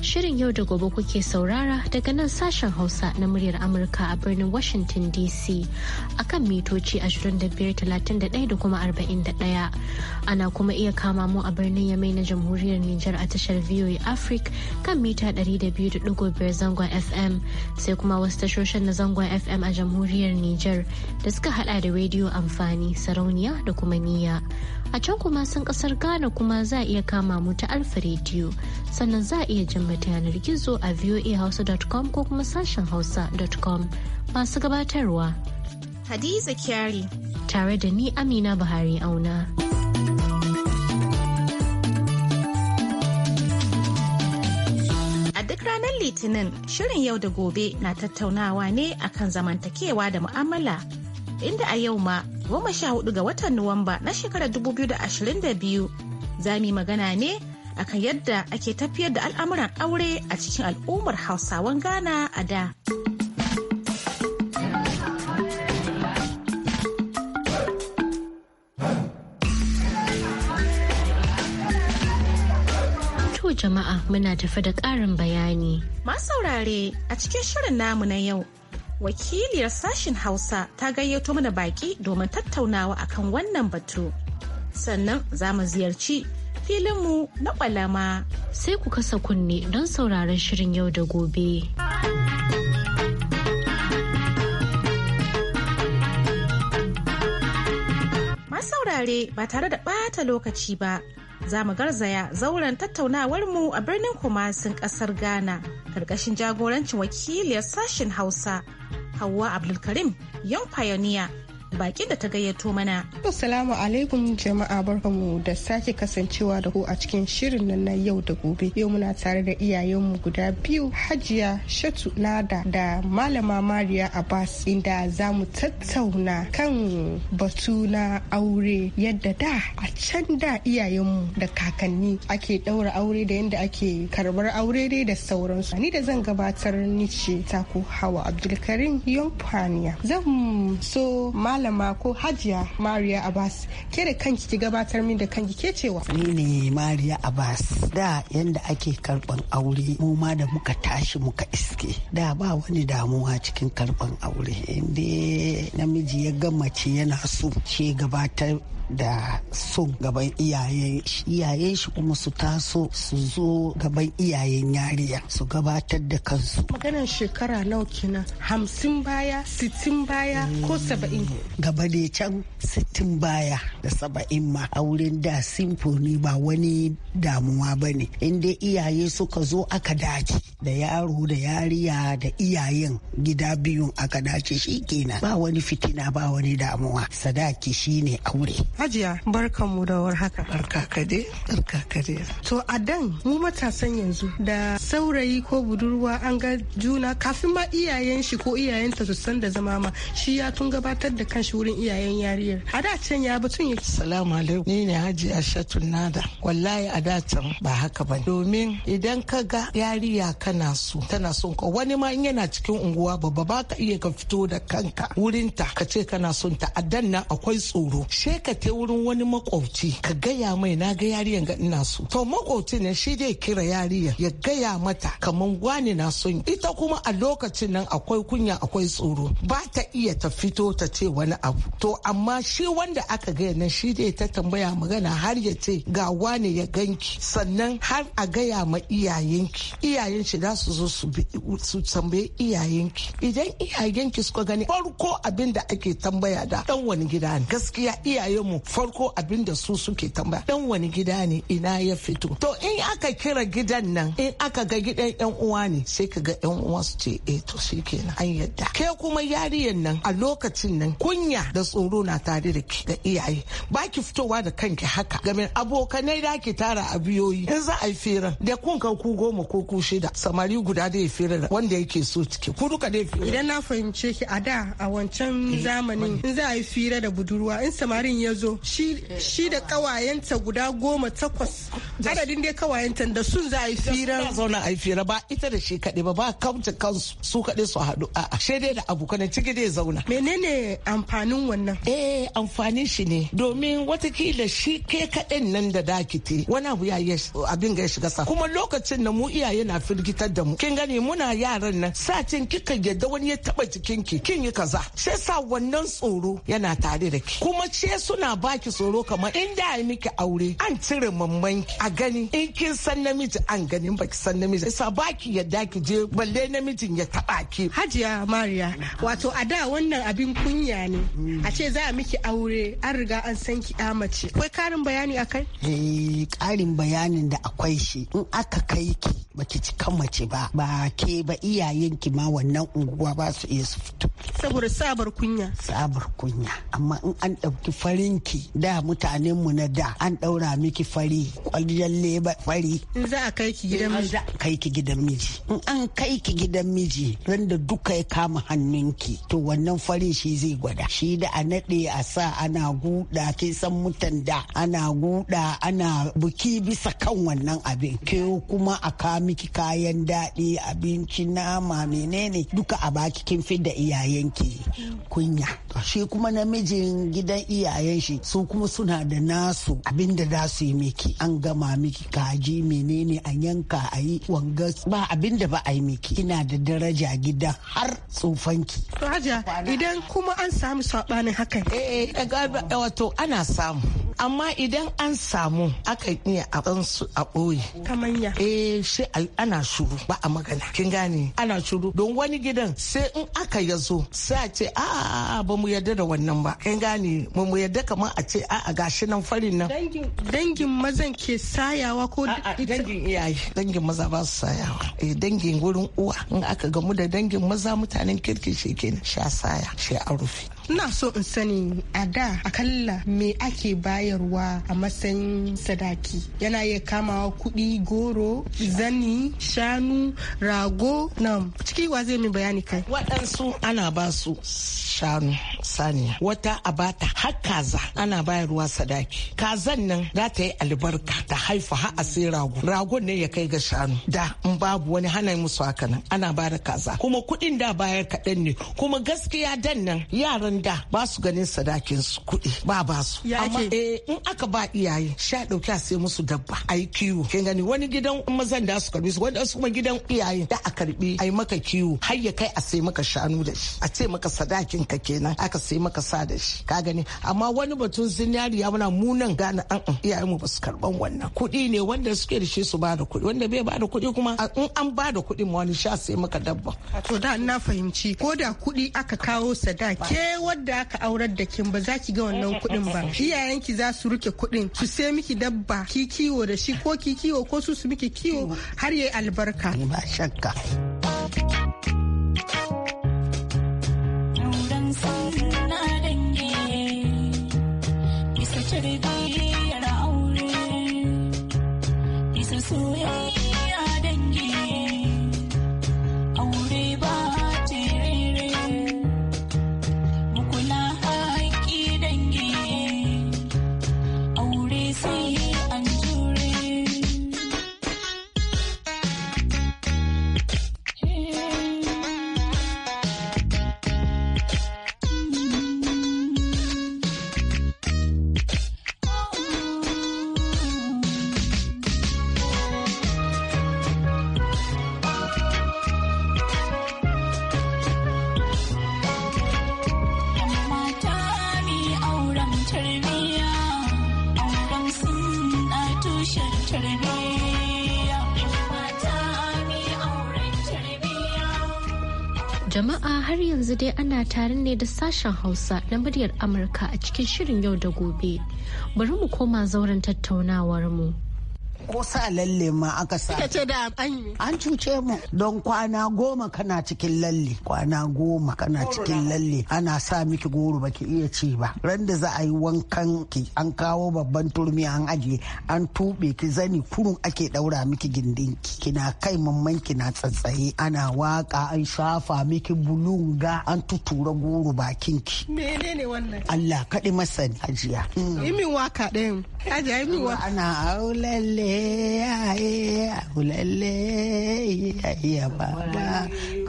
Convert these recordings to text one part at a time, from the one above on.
Shirin yau da gobe kuke saurara daga nan sashen Hausa na muryar Amurka a birnin Washington DC a kan mitoci 2531 da kuma 41. Ana kuma iya kama mu a birnin Yamai na Jamhuriyar Nijar a tashar VOA Africa kan mita 200.5 zangon FM sai kuma wasu tashoshin na zangon FM a Jamhuriyar Nijar da suka hada da rediyo amfani sarauniya da kuma niyya. A can kuma sun kasar Ghana kuma za a iya kama mu ta Alfa rediyo sannan za a iya jin mata yanar gizo a voahausa.com ko kuma sashen hausa.com masu gabatarwa Hadiza Kyari. Tare da ni Amina Buhari auna. A duk ranar Litinin, shirin yau da gobe na tattaunawa ne akan zamantakewa da mu'amala. Inda a yau ma, goma sha hudu ga watan Nuwamba na shekarar 2022, za mu yi magana ne akan yadda ake tafiyar da al'amuran aure a cikin al'ummar Hausawan Ghana a da. jama'a muna tafi da ƙarin bayani. saurare a cikin shirin namu na yau, wakiliyar sashin Hausa ta gayyato mana baki domin tattaunawa akan wannan batu. Sannan za mu ziyarci filinmu na ƙwalama. Sai ku kasa kunne don sauraron shirin yau da gobe. saurare ba tare da ɓata lokaci ba za mu garzaya zauren tattaunawarmu a birnin kumasin kasar ghana karkashin jagorancin wakiliyar sashen hausa Hauwa abdulkarim yan pioneer bakin da ta gayyato mana. Assalamu alaikum jama'a barkamu da sake kasancewa da ku a cikin shirin nan na yau da gobe. Yau muna tare da iyayenmu guda biyu Hajiya Shatu Nada da Malama Mariya Abbas inda za mu tattauna kan batu na aure yadda da a can da iyayenmu da kakanni ake ɗaura aure da yadda ake karbar aure dai da sauransu. Ni da zan gabatar ni ce ku Hawa Abdulkarim Yonfaniya. Zan so malama ko hajiya mariya abbas ke da kanki ki gabatar min da kanki ke cewa ni ne mariya abbas da yanda ake karban aure mu ma da muka tashi muka iske da ba wani damuwa cikin karban aure inda namiji ya gama ce yana so ce gabatar da son gaban iyayen shi iyayen shi kuma su taso su zo gaban iyayen yariya su gabatar da kansu maganar shekara nawa kenan hamsin baya sittin baya ko saba'in mm. gaba ne can sittin baya da saba'in ma a wurin da simfoni ba wani damuwa ba ne inda iyaye suka zo aka dace da yaro da yariya da iyayen gida biyun aka dace shi kenan ba wani fitina ba wani damuwa sadaki shine aure Hajiya barkanmu da war haka. Barka ka To a dan mu matasan yanzu da saurayi ko budurwa an ga juna kafin ma iyayen shi ko iyayenta su san da zama ma shi ya tun gabatar da kanshi wurin iyayen yariyar. A da can ya batun ya. Salamu alaikum. Ni ne Hajiya Shatun Nada. Wallahi a da can ba haka ba. Domin idan ka ga yariya kana so tana son ka wani ma in yana cikin unguwa babba ba ka iya ka fito da kanka wurin ta ka ce kana son ta a dan nan akwai tsoro. She je wurin wani makwabci ka gaya mai na ga yariyan ga ina so to makwabci ne shi dai kira yariyan ya gaya mata kaman wani na son ita kuma a lokacin nan akwai kunya akwai tsoro ba ta iya ta fito ta ce wani abu to amma shi wanda aka gaya nan shi dai ta tambaya magana har ya ce ga wani ya ganki sannan har a gaya ma iyayenki iyayen shi za su zo su tambaye iyayenki idan iyayenki suka gani farko abin da ake tambaya da dan wani gida ne gaskiya iyayen mu farko abinda su suke tambaya dan wani gida ne ina ya fito to in aka kira gidan nan in aka ga gidan yan uwa ne sai ka ga yan uwa su ce eh to shikenan an yadda ke kuma yariyan nan a lokacin nan kunya da tsoro na tare da ki da iyaye ba ki fitowa da kanki haka game abokanai da ki tara a biyoyi in za a yi fira da kun kan ku goma ko ku shida samari guda da ya fira wanda yake so ciki ku duka dai idan na fahimce ki a da a wancan eh, zamanin in za a yi fira da budurwa in samarin ya zo shi da kawayenta guda goma takwas adadin dai kawayenta da sun za a yi fira zauna a yi fira ba ita da shi kaɗai ba ba kamta kansu su kaɗai su haɗu a she dai da abokan ciki dai zauna menene amfanin wannan eh amfanin shi ne domin watakila shi ke kaɗan nan da dakite wani abu ya yi abin ga ya shiga sa kuma lokacin da mu iyaye na firgitar da mu kin gani muna yaran nan satin kika yadda wani ya taɓa jikinki kin yi kaza sai sa wannan tsoro yana tare da ki kuma ce suna yana baki tsoro kamar in da miki aure an cire mamman a gani in kin san namiji an gani in baki san namiji isa baki ya daki je balle namijin ya taba ki hajiya mariya wato a da wannan abin kunya ne mm. a ce za a miki aure an riga an san ki mace akwai karin bayani akai eh karin bayanin da akwai shi in aka kai ki baki cika mace ba ba ke ba iyayenki ma wannan unguwa ba su iya su fito saboda sabar kunya sabar kunya amma in an ɗauki farin da mutanen mu na da an ɗaura miki fari kwaljan leba fari in za a kai ki gidan miji kai ki gidan miji in an kai ki gidan miji randa duka ya kama hannun ki. to wannan fari shi zai gwada shi da a naɗe a sa ana guda ke san mutan da ana guda ana buki bisa kan wannan abin ke kuma a ka miki kayan daɗi abinci nama menene duka a baki kin fi da iyayenki kunya shi kuma namijin gidan iyayen shi shi su kuma suna da nasu abin da za su yi miki an gama miki kaji menene a yanka a yi wanga ba abin da ba a yi miki Ina da daraja gida har tsufanki. Raja idan kuma an samu saɓanin hakan. Eh eh, eh wato ana samu. amma idan an samu akan iya a su a ɓoye kamanya eh shi ana shuru ba a magana kin gane ana shuru don wani gidan sai in aka ya zo sai a ce a ba mu yarda da wannan ba kin gane Ba mu yarda kamar a ce a a gashi nan farin nan dangin mazan ke sayawa ko dangin iyaye dangin maza ba su sayawa eh dangin wurin uwa in aka gamu da dangin maza mutanen kirki shi kenan sha saya shi a rufe ina so in sani a da akalla me ake bayarwa a matsayin sadaki yana iya kama kuɗi goro zani shanu rago na ciki wa zai min bayani kai waɗansu ana ba su shanu saniya wata abata har kaza ana bayarwa sadaki kazan nan za ta yi albarka ta haifa har a sai rago ragon ne ya kai ga shanu da in babu wani hana musu haka nan ana bayar kaza kuma kuɗin da bayar kaɗan ne kuma gaskiya dan nan yaran yaran da ba su ganin sadakin su kuɗi ba ba su amma eh, in aka ba iyaye sha dauki sai musu dabba a yi kiwo kin gani wani gidan mazan da su karbi su wanda su kuma gidan iyaye da a karbi yi maka kiwo har ya kai a sai maka shanu da shi a ce maka sadakin ka kenan aka sai maka sa da shi ka gani amma wani batun zinariya muna munan gane an iyaye mu ba su karban wannan kuɗi ne wanda suke da shi su ba da kuɗi wanda bai ba da kuɗi kuma in an ba da kuɗi ma wani sha sai maka dabba to da na fahimci ko da kuɗi aka kawo sadake wadda aka aurar da kin ba za ki ga wannan kuɗin ba iyayenki za su rike kuɗin su sai miki dabba ki kiwo da shi ko ki kiwo ko su su miki kiwo har yayi albarka ba shakka tarbiyya tushen tarbiyya Jama'a har yanzu dai ana tare ne da sashen Hausa na muryar Amurka a cikin shirin yau da gobe. Bari mu koma zauren tattaunawar mu. ko sa lalle ma aka sa kika da an an cuce mu don kwana goma kana cikin lalle kwana goma kana cikin lalle ana sa miki goro baki iya ci ba ran da za a yi wankan ki an kawo babban turmi an aje an tube ki zani kurun ake daura miki gindin ki kina kai mamman kina tsatsaye ana waka an shafa miki bulunga an tutura goro bakin ki menene wannan Allah kaɗi masani hajiya. imin waka ɗayan. Hajiya imin waka. Ana lalle aulalle ya iya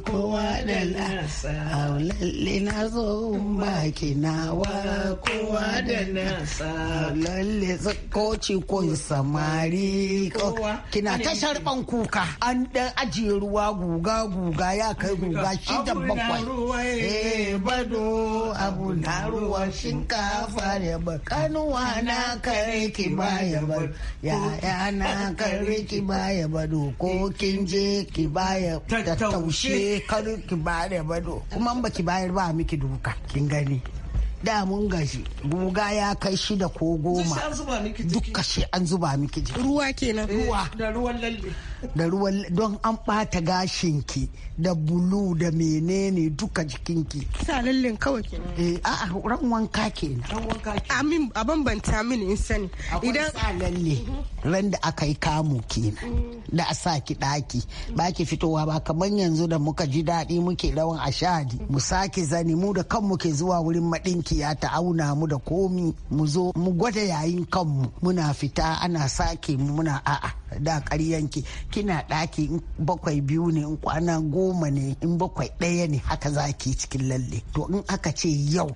kowa da nasa na zo baki nawa kowa da nasa aulalle tsakoci kun samari kina ta sharban kuka an dan ajiye ruwa guga guga ya kai guga shi da bakwai eh, bado abu na ruwa shinkafa ne bakanuwa kanuwa na kai ki baya ba ya ana kare ki baya bado ko kin je ki baya tattaushe kar ki baya bado kuma ba ki bayar ba miki duka kin gani da mun gaji buga ya kai shida ko goma duka shi an zuba miki ruwa kenan ruwa eh, da ruwan lalle da ruwan don an ɓata gashinki da bulu da menene duka jikinki. Sa lallin kawai kenan. Eh a ran wanka kenan. Ran wanka kenan. Amin a bambanta mini in sani. Idan sa lalle mhm. ran da aka yi kamu kenan mm. da a sa ki daki ba ki fitowa ba kamar yanzu da muka ji daɗi muke rawan ashadi mu sake zani mu da kanmu ke zuwa wurin maɗinki ya ta auna mu da komi mu zo mu gwada yayin kanmu muna fita ana sake mu muna a'a da ƙaryanki kina ɗaki in bakwai biyu ne in kwana goma ne in bakwai ɗaya ne haka za ki cikin lalle to in aka ce yau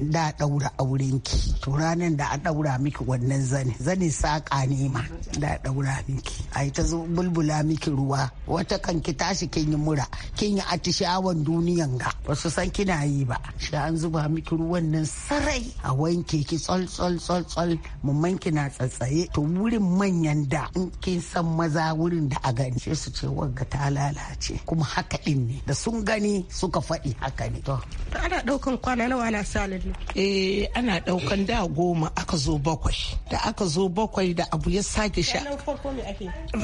da ɗaura aurenki to ranar da a ɗaura miki wannan zane zane saƙa ne ma da ɗaura miki a ta zo bulbula miki ruwa wata kan ki tashi kin yi mura kin yi atishawan duniyan ga ba san kina yi ba shi an zuba miki ruwan nan sarai a wanke ki tsol tsol tsol tsol mumman kina tsatsaye to wurin manyan da in kin san maza wurin da a gance su ce wagga ta lalace kuma haka din ne da sun gani suka faɗi haka ne. ana ɗaukan kwana nawa na salin lalle. eh ana ɗaukan da goma aka zo bakwai da aka zo bakwai da abu ya sake sha.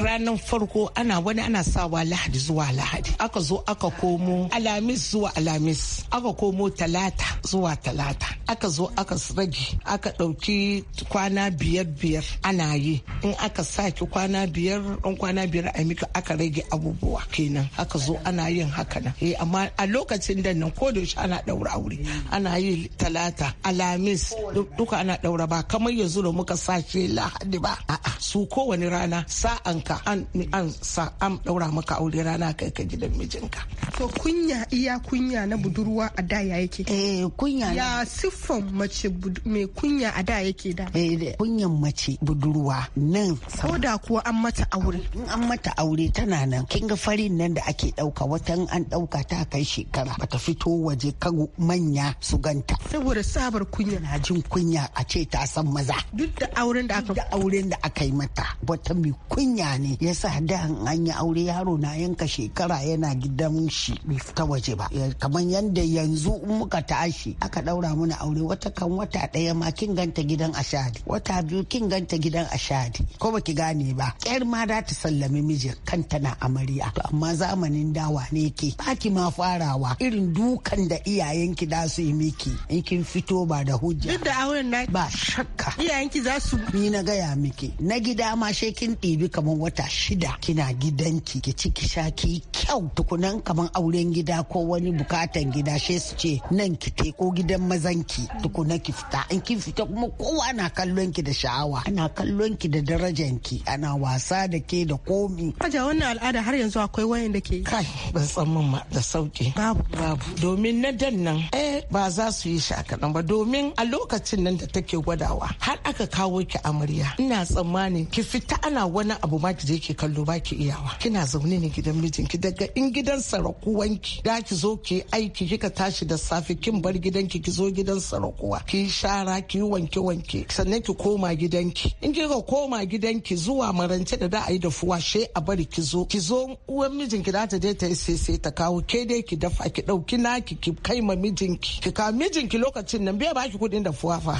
ranar farko ana wani ana sawa lahadi zuwa lahadi aka zo aka komo alamis zuwa alamis aka komo talata zuwa talata aka zo aka rage aka ɗauki kwana biyar biyar ana yi in aka sake kwana biyar in kwana biyar biyar a mika aka rage abubuwa kenan aka zo ana yin haka nan eh amma a lokacin da nan ko da shi ana daura aure ana yi talata alamis duka ana daura ba kamar yanzu da muka sace lahadi ba a a su kowane rana sa'an ka an an sa an daura maka aure rana kai ka gidan mijinka to kunya iya kunya na budurwa a da ya yake eh kunya ya siffan mace mai kunya a da yake da eh kunyan mace budurwa nan ko da kuwa an mata aure an mata aure tana nan kin ga farin nan da ake dauka watan an dauka ta kai shekara bata fito waje ka manya su ganta saboda sabar kunya na jin kunya a ce ta san maza duk da auren da aka auren da aka yi mata wata mai kunya ne yasa da an yi aure yaro na yanka shekara yana gidan shi bai fita waje ba kamar yanda yanzu in muka tashi aka daura mana aure wata kan wata daya ma kin ganta gidan ashadi wata biyu kin ganta gidan ashadi ko baki gane ba kyar ma da ta sallame namiji kanta na amarya to amma zamanin dawa ne ke baki ma farawa irin dukan da iyayenki da su yi miki in kin fito ba da hujja duk da auren na ba shakka iyayenki za su ni na gaya miki na gida ma she kin ɗibi kamar wata shida kina gidanki ki ci ki ki kyau tukunan kaman auren gida ko wani bukatan gida she su ce nan ki te ko gidan mazanki tukuna ki fita in kin fita kuma kowa na kallon ki da sha'awa ana kallon ki da darajanki ana wasa da ke da ko komi. Haja wannan al'ada har yanzu akwai wayan da ke. yi. Kai ban tsamman ma da sauki. Babu. Babu. Domin na dan nan eh ba za su yi shi ba domin a lokacin nan da take gwadawa har aka kawo ki amarya. Ina tsammanin ki fita ana wani abu ma ki je ki kallo ba ki iyawa. Kina zaune ne gidan mijinki daga in gidan sarakuwanki da ki zo ki aiki kika tashi da safe kin bar gidanki ki zo gidan sarakuwa ki shara ki wanke wanke sannan ki koma gidanki in kika koma gidanki zuwa marance da da a yi da fuwa ashe a bari ki zo ki zo uwan mijinki da ta je ta yi sai ta kawo ke dai ki dafa ki dauki naki ki kai ma mijinki ki kawo mijinki lokacin nan bai baki kudin da fuwa fa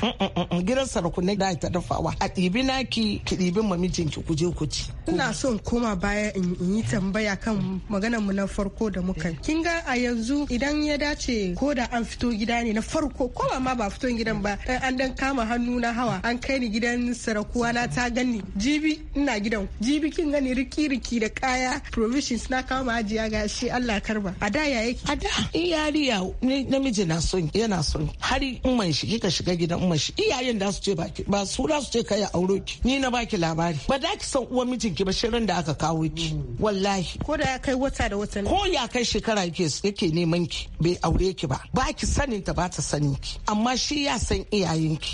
gidan ne da ta dafawa a dibi naki ki dibi ma mijinki ku je ku ci ina son koma baya in yi tambaya kan maganar mu na farko da muka kin ga a yanzu idan ya dace ko da an fito gida ne na farko ko ba ma ba fito gidan ba eh, an dan kama hannu na hawa an kai ni gidan sarakuwa na ta gani jibi ina gidan jibi kin gani riki-riki da kaya provisions na kawo ajiya ga shi Allah karba a da ya yake a da in yariya namiji na son yana son har umman shi kika shiga gidan umman shi iyayen da su ce baki ba su da su ce kai auro ki ni na baki labari ba da ki san uwan mijinki ba shirin da aka kawo ki wallahi ko da ya kai wata da wata ko ya kai shekara yake yake neman ki bai aure ki ba ba ki sanin ta ba ta sanin ki amma shi ya san ki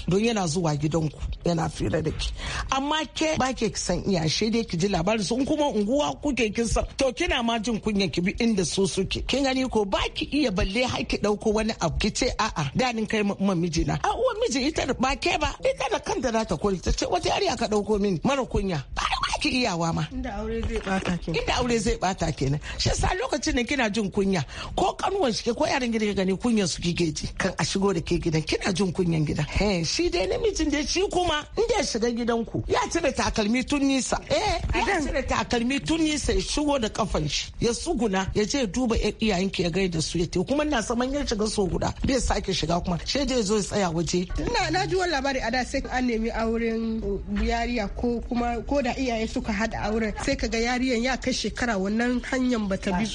don yana zuwa gidanku yana fira da ki amma ke ba ki san iya shi dai ki ji labarin sun kuma unguwa kuke kin san to kina ma jin kunyan ki bi inda su suke kin gani ko ba ki iya balle har ki dauko wani abu ki ce a'a danin kai ma miji na a uwa miji ita ba ke ba ita da kanta za ta kore ta ce wata yariya ka dauko mini mara kunya ki iyawa ma inda aure zai bata kenan inda aure zai bata kenan shi sa lokacin da kina jin kunya ko kanuwan shi ko yaran gida gani kunyan su kike ji kan a shigo da ke gidan kina jin kunyan gida Eh shi dai namijin da shi kuma in da shiga gidanku ya cire takalmi tun nisa eh ya cire takalmi tun nisa ya shigo da kafan shi ya suguna ya je duba iyayen ki ya gaida su ya te kuma ina saman ya shiga so guda bai sake shiga kuma shi dai zo ya tsaya waje na na ji wani labari a da sai an nemi auren yariya ko kuma ko da iyaye suka hada auren sai kaga yariyan ya kai shekara wannan hanyar bata bi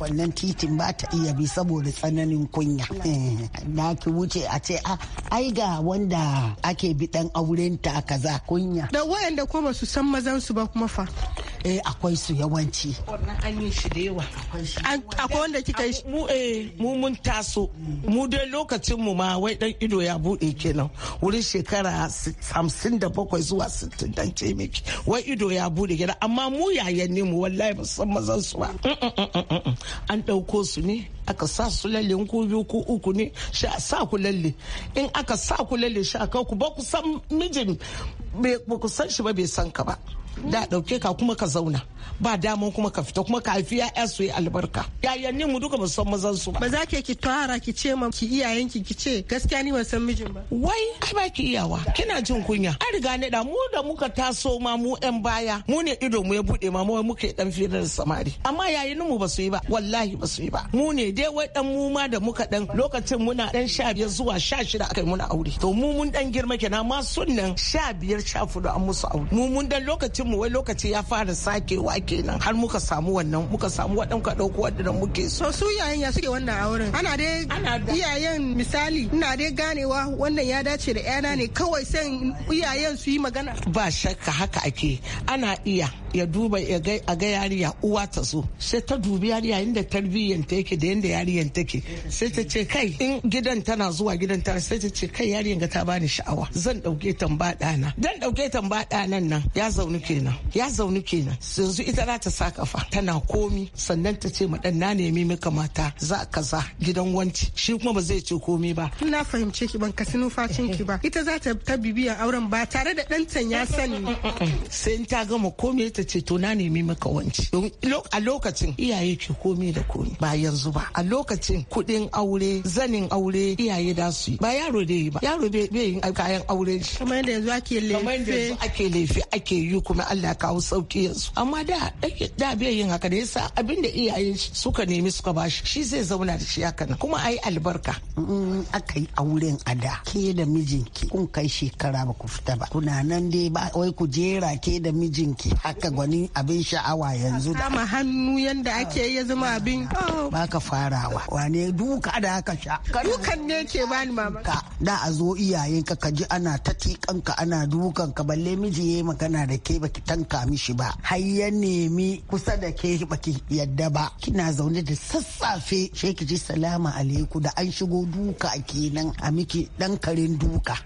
wannan titin ba ta iya bi saboda tsananin kunya eh, na ki wuce a ce ah, ai ga wanda ake bi dan aurenta ta kaza kunya da wayanda kuma su san mazan su ba kuma fa eh akwai su yawanci an akwai wanda kika yi mu eh mu mun taso mm. mu dai lokacin mu ma wai dan ido ya bude kenan wurin shekara 57 zuwa 60 dan ce miki wai ido ya bude kenan amma mu yayan ne mu wallahi ba mazan su ba mm, mm, an dauko su ne aka sa su lalle ko biyu ko uku ne shi sa ku lalle in aka sa ku lalle shi a ku ba ku san mijin ba ku san shi ba bai san ka ba da dauke ka kuma ka zauna ba daman kuma ka fita kuma ka haifi ya'ya su yi albarka yayannin mu duka ba san mazan su ba ba za ki tara ki ce ma ki iyayen ki ce gaskiya ni ban san mijin ba wai ai ba ki iyawa kina jin kunya an riga ni da mu da muka taso ma mu yan baya mu ne ido mu ya bude ma mu muke dan firar samari amma yayin mu ba su yi ba wallahi ba su yi ba mu ne dai wai dan mu ma da muka dan lokacin muna dan sha biyar zuwa sha shida akai muna aure to mu mun dan girma kenan ma sunnan sha biyar sha fudu an musu aure mu mun dan lokacin mu wai lokaci ya fara sakewa kenan har muka samu wannan muka samu wadan ka dauko wadannan muke so su yayin ya suke wannan auren ana dai iyayen misali ina dai ganewa wannan ya dace da yana ne kawai sai iyayen su yi magana ba shakka haka ake ana iya ya duba a ga yariya uwa ta so sai ta dubi yariya inda ta yake da yanda yariyan take sai ta ce kai in gidan tana zuwa gidan tana sai ta ce kai yariyar ga ta bani sha'awa zan dauke tamba dana dan dauke tamba dana nan ya zaune kenan ya zaune kenan yanzu ita za ta sa kafa tana komi sannan ta ce ma dan na nemi maka mata za ka za gidan wanci shi kuma ba zai ce komi ba na fahimce ki ban kasi numfashin ki ba ita za ta bibiya auren ba tare da dantan ya sani sai ta gama komai ta ce to na nemi maka wanci a lokacin iyaye ke komi da komi ba yanzu ba a lokacin kudin aure zanin aure iyaye da su ba yaro da yi ba yaro bai yin kayan aure kamar da yanzu ake lefe ake lefe ake yi kuma Allah kawo sauki yanzu amma da da bai yin haka da yasa abin da iyaye suka nemi suka bashi shi zai zauna da shi haka nan kuma ayi albarka in mm, aka yi auren a da ke da mijinki kun kai shekara ba ku fita ba kuna nan dai ba wai ku jera ke da mijinki haka. gwani abin sha'awa yanzu da kama hannu yadda ake ya zama abin oh. ka farawa wane duka da haka sha dukan ne ke bani mama da a zo iyayen ka kaji ana ta tikanka ana dukan ka balle miji yayi magana da ke baki tanka mishi ba har ya nemi kusa da ke baki yadda ba kina zaune da sassafe sai ki ji salama ala'iku da an shigo duka kenan a miki dan karin duka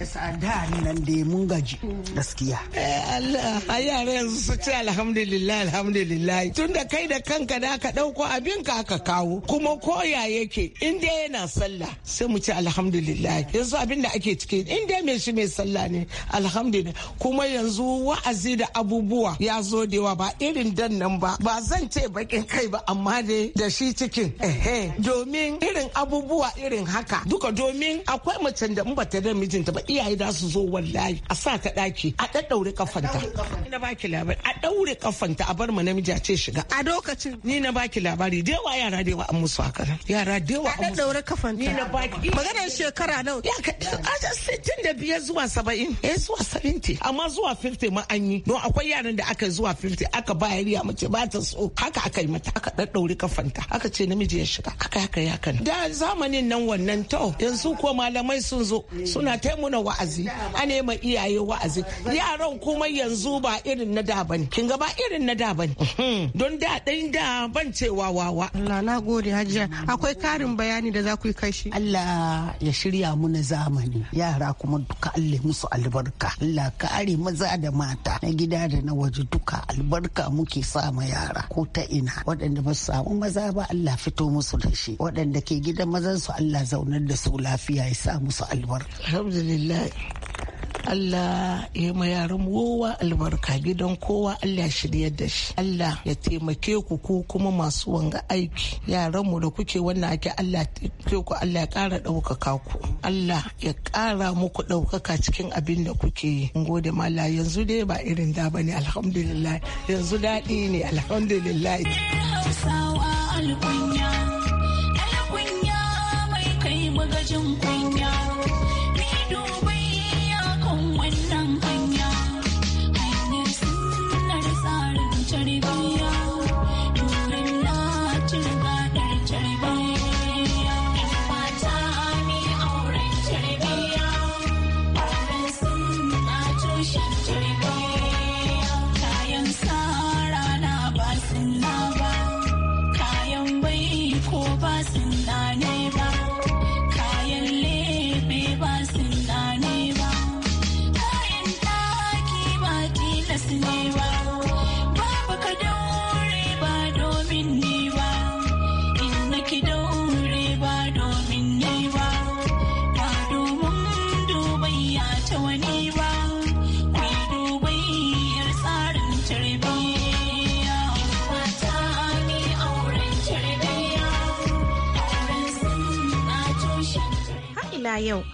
da nan dai mun gaji mm. gaskiya eh, Allah a yanzu su ci alhamdulillah alhamdulillah tunda kai da kanka da ka dauko abin ka aka kawo kuma koya yake in dai yana sallah sai mu ce alhamdulillah yanzu abin da ake ciki in dai me shi mai sallah ne alhamdulillah kuma yanzu wa'azi da abubuwa ya zo da yawa ba irin dan nan ba ba zan ce bakin kai ba amma dai da shi cikin ehe domin irin abubuwa irin haka duka domin akwai macen da mu bata da mijinta ba iyaye za su zo wallahi a sa ta daki a daddaure kafanta a daure daure kafanta a bar ma namiji a ce shiga a lokacin ni na baki labari da yawa yara da yawa an musu haka yara da yawa an musu daure kafanta ni na baki maganar shekara nawa ya ka sittin da biyar zuwa saba'in eh zuwa sabinti amma zuwa fifty ma an yi don akwai yaran da aka zuwa fifty aka ba yariya mace ba ta so haka aka yi mata aka daddaure kafanta aka ce namiji ya shiga aka haka ya kan da zamanin nan wannan to yanzu ko malamai sun zo suna taimuna wa'azi a nema iyaye wa'azi yaran kuma yanzu ba irin na da bane kin Gaba irin na da mhm. don da ɗin da ban cewa wawa Allah na gode hajiya akwai karin bayani da za ku yi kashi Allah ya shirya mu na zamani yara kuma duka Allah musu albarka Allah kare maza da mata na gida da na waje duka albarka muke sa ma yara ko ta ina waɗanda ba su samu maza ba Allah fito musu da shi waɗanda ke gidan mazan su Allah zaunar da su lafiya ya sa musu albarka alhamdulillah Allah ya ma yaran wowa albarka gidan kowa Allah ya shirya da shi Allah ya taimake ku ku kuma masu wanga aiki yaran mu da kuke wannan ake Allah ya ku Allah ya ƙara ɗaukaka ku Allah ya ƙara muku ɗaukaka cikin abin da kuke yi gode mala yanzu dai ba irin da bane alhamdulillah yanzu daɗi ne alhamdulillah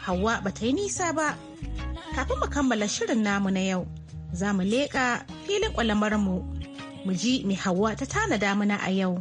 Hauwa ba ta yi nisa ba. Kafin mu kammala shirin namu na yau, za mu leƙa filin mu mu ji mai Hauwa ta tanada mana a yau.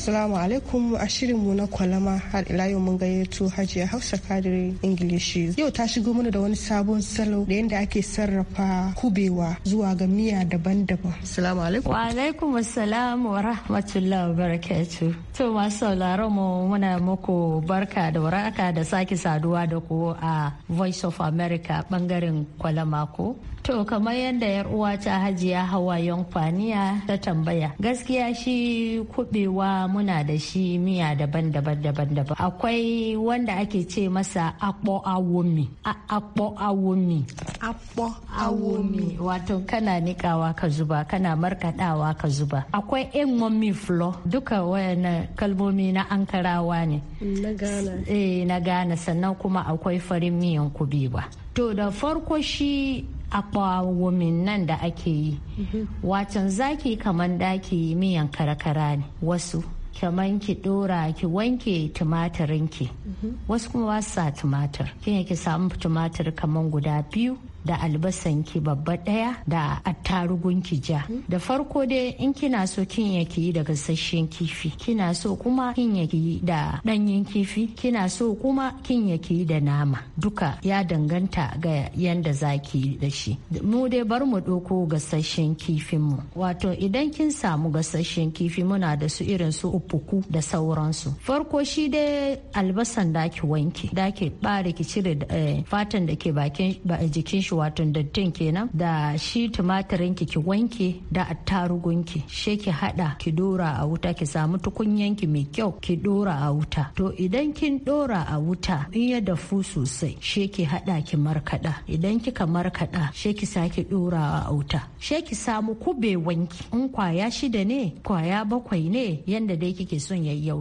Assalamu alaikum a mu na kwalama har ila yau mun gayyato Hajiya Hausa Kadiri Ingilishi. Yau ta shigo mana da wani sabon salo da yadda ake sarrafa kubewa zuwa ga miya daban-daban. Assalamu alaikum. Wa alaikum assalam wa rahmatullahi wa barakatuh. To masu sauraron mu muna muku barka da waraka da sake saduwa da ku a Voice of America bangaren kwalama ko. To kamar yadda yar uwa ta hajiya hawa faniya ta tambaya gaskiya shi kubewa muna da shi miya daban-daban daban-daban akwai wanda ake ce masa akpo awomi akpo awomi akpo awomi wato kana nikawa ka zuba kana markadawa ka zuba akwai engomi flo duka wayannan kalmomi na ankarawa ne na gana eh, sannan kuma akwai farin miyan kubewa to da farko shi akwawomin nan da ake yi mhm. wacan zaki kamar daki miyan karakara ne wasu kaman ki dora ki wanke tumatirinki. ki wasu kuma ba sa tumatir kin ki samu tumatir kaman guda biyu da albasan ki babba daya da attarugun ki ja da farko dai in kina so kin ya yi da gasasshen kifi kina so kuma kin ya yi da danyen kifi kina so kuma kin ya yi da nama duka ya danganta ga yanda zaki yi da shi mu dai bar mu doko gasasshen kifin mu wato idan kin samu gasasshen kifi muna da su irin su puku da sauransu farko shi dai albasan da ake wanke da ki bare ki cire eh, fatan da ke bakin jikin shi wato dattin kenan da shi tumatirin ki wanke da attarugun ki she ki hada ki dora a wuta ki samu tukunyan ki mai kyau ki dora a wuta to idan kin dora a wuta in ya dafu sosai she ki hada ki markada idan kika markada she ki sake dora a wuta she ki samu kube wanki in kwaya shida ne kwaya bakwai ne yanda dai da kike son yi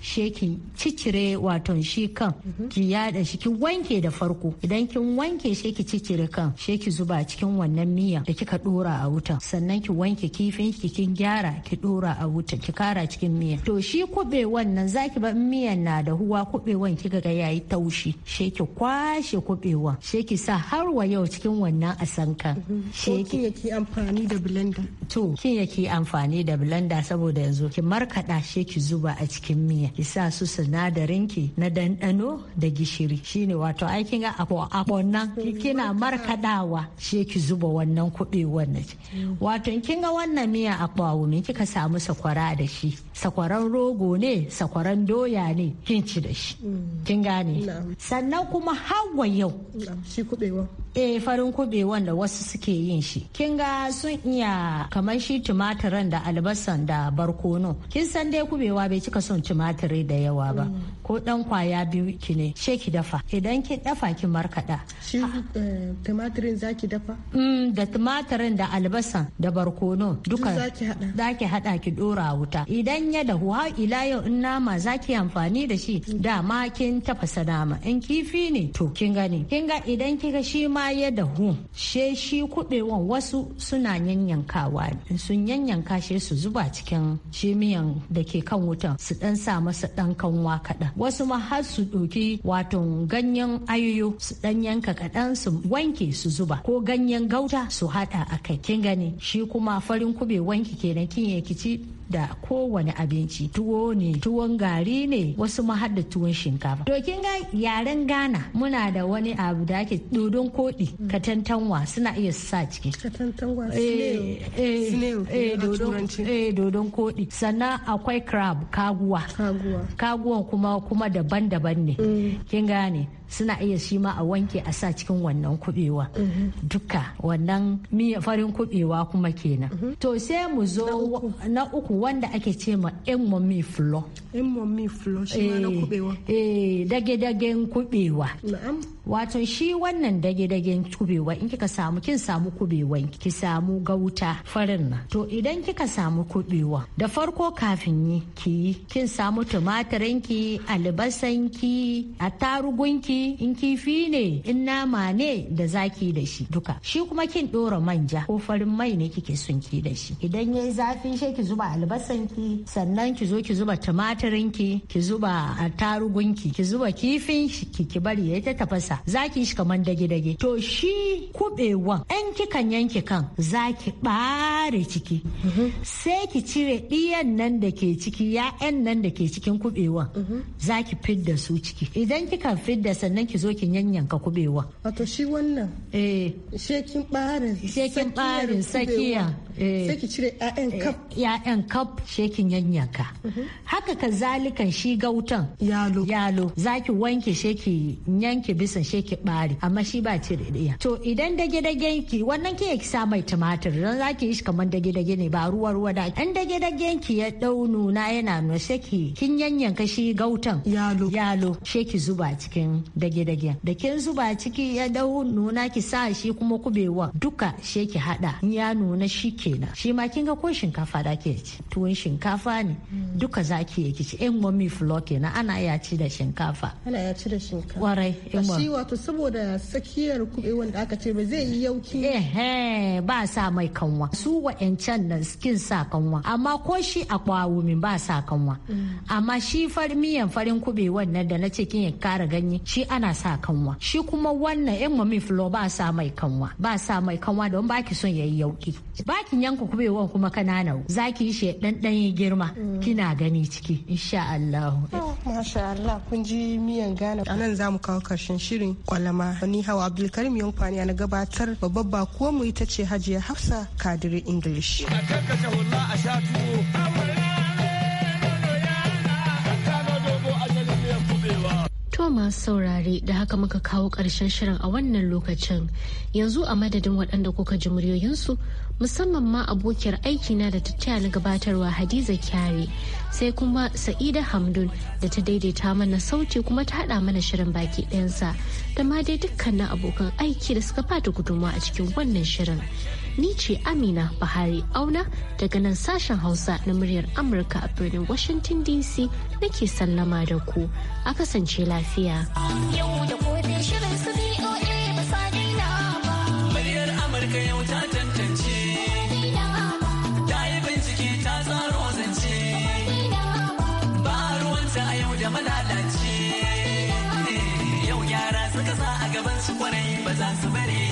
she ki cicire wato shi kan ki yada shi ki wanke da farko idan kin wanke sheki kan sheki zuba cikin wannan miya da kika dora a wuta sannan ki wanke kifin ki kin gyara ki dora a wuta ki kara cikin miya to shi kube wannan zaki ba miyan na da huwa wan kika ga yayi taushi sheki kwashe kubewa sheki sa har wa yau cikin wannan asanka sheki ki amfani da blender to kin yake amfani da blender saboda yanzu ki markada shi ce ki zuba a cikin miya ki su sinadarin ki na dandano da gishiri shine wato ai kin ga abo nan kina markadawa she ki zuba wannan kubewan wannan. wato kin ga wannan miya akwawu ne kika samu sakwara da shi sakwaran rogo ne sakwaran doya ne kin ci da shi mm. kin gane sannan kuma hawa yau shi eh farin kubewan da wasu suke yin shi kin ga sun iya kamar shi tumatirin da albasan da barkono kin san dai kubewa bai cika son tumatiri da yawa ba mm. ko dan kwaya biyu ki ne she ki dafa idan eh, ki dafa ki markada shi tumatirin zaki dafa da tumatirin da albasa da barkono duka zaki hada ki dora wuta idan ya dahu har ila yau in nama zaki amfani da shi mm. da ma kin tafasa nama in kifi ne to kin gani kin ga idan kika shi ma ya dahu she shi kubewan wasu suna yanyankawa sun yanyanka she su zuba cikin shi miyan da ke ke kan wutan su dan sa masa dan kanwa kaɗan wasu ma har su ɗauki wato ganyen ayoyo su dan yanka kaɗan su wanke su zuba ko ganyen gauta su haɗa a kai kin gani shi kuma farin kube wanki kenan kin da kowane abinci tuwo ne tuwon gari ne wasu ma da tuwon shinkafa dokin ga yaren Ghana muna da wani abu da ake dodon kodi katantanwa suna iya sa ciki katantanwa eh, eh, eh, dodon sannan akwai crab kaguwa kaguwa kuma kuma daban-daban ne mm. kin gane suna iya shi ma a wanke a sa cikin wannan kubewa duka wannan farin kubewa kuma kenan to sai mu zo na uku wanda ake ce ma emomi flo emomi flo shi ma na eh, kubewa eh dage-dagen kubewa wato shi wannan dage-dagen kubewa in kika samu kin samu kubewa ki samu gauta farin nan to idan kika samu kubewa da farko kafin yi ki kin samu tumatirin albasanki albasan ki in kifi ne in nama ne da zaki da shi duka shi kuma kin dora manja ko farin mai ne kike son ki da shi idan yayi zafi sai ki zuba albasan ki sannan ki zo ki zuba tumatirin ki zuba attarugunki ki ki zuba kifin shi ki bari ya ta tafasa zaki ki shi kamar dage-dage to shi kubewa ɗan kikan yanki kan zaki bare ciki sai ki cire ɗiyan nan da ke ciki ya'yan nan da ke cikin za ki fidda su ciki idan kika fidda sannan ki zo ki yanyanka kubewa. wato shi wannan eh shekin barin shekin barin sakiya Eh. sai ki cire 'ya'yan eh, kaf ya'yan kaf shekin yanyanka mhm. haka ka zalikan shi gautan yalo yalo zaki wanke sheki yanke bisan sheki bari amma shi ba cire ɗaya to idan dage dage ki wannan ke ki sa mai tumatir dan zaki yi shi kamar dage dage ne ba ruwa ruwa da an dage dage ki ya dau nuna yana nuna sheki kin yanyanka shi gautan yalo yalo sheki zuba cikin dage dage da kin zuba ciki ya dau nuna ki sa shi kuma kubewa duka sheki hada ya nuna shi ke. kenan shi ma kin ga ko shinkafa da ke ci tuwon shinkafa ne mm. duka zaki yi ci in mami flo kenan ana ya ci da shinkafa ana ya ci da shinkafa warai in shi wato saboda sakiyar kubewan da aka ce ba zai yi yauki eh ba sa mai kanwa su wa'ancan nan skin sa kanwa amma ko shi a kwawo min ba sa kanwa mm. amma shi far miyan farin kuɓe wannan da na ce kin ya kara ganye shi ana sa kanwa shi kuma wannan in mami flo ba sa mai kanwa ba sa mai kanwa don baki son yayi yauki baki kin yanka kubewan kuma kananan za ki yi shi dan dan girma mm. kina gani ciki insha Allah oh, masha Allah kun ji miyan ah. nan za zamu kawo karshen shirin kwalama ni hawa Abdulkarim Yankwani na gabatar babbar ba ko mu ita ce Hajiya Hafsa Kadiri English a sha tuwo To masu saurare da haka muka kawo ƙarshen shirin a wannan lokacin yanzu a madadin waɗanda kuka ji muryoyinsu musamman ma abokiyar aikina da ta na gabatarwa Hadiza Kyare sai kuma Sa'ida Hamdun da ta daidaita mana sauti kuma ta haɗa mana shirin baki ɗayansa da ma dai dukkanin abokan aiki da suka fata gudunmawa a cikin wannan shirin. ni ce Amina Buhari Auna daga nan sashen Hausa na muryar Amurka a birnin Washington DC nake sallama da ku a kasance lafiya. Yau da gobe shirin su ba sa daina ba. Muryar Amurka yau ta tantance. Ta yi bincike ta tsaro zance. Ba ruwanta a yau da malalace. Yau yara suka sa a gaban su kwarai ba za su bare.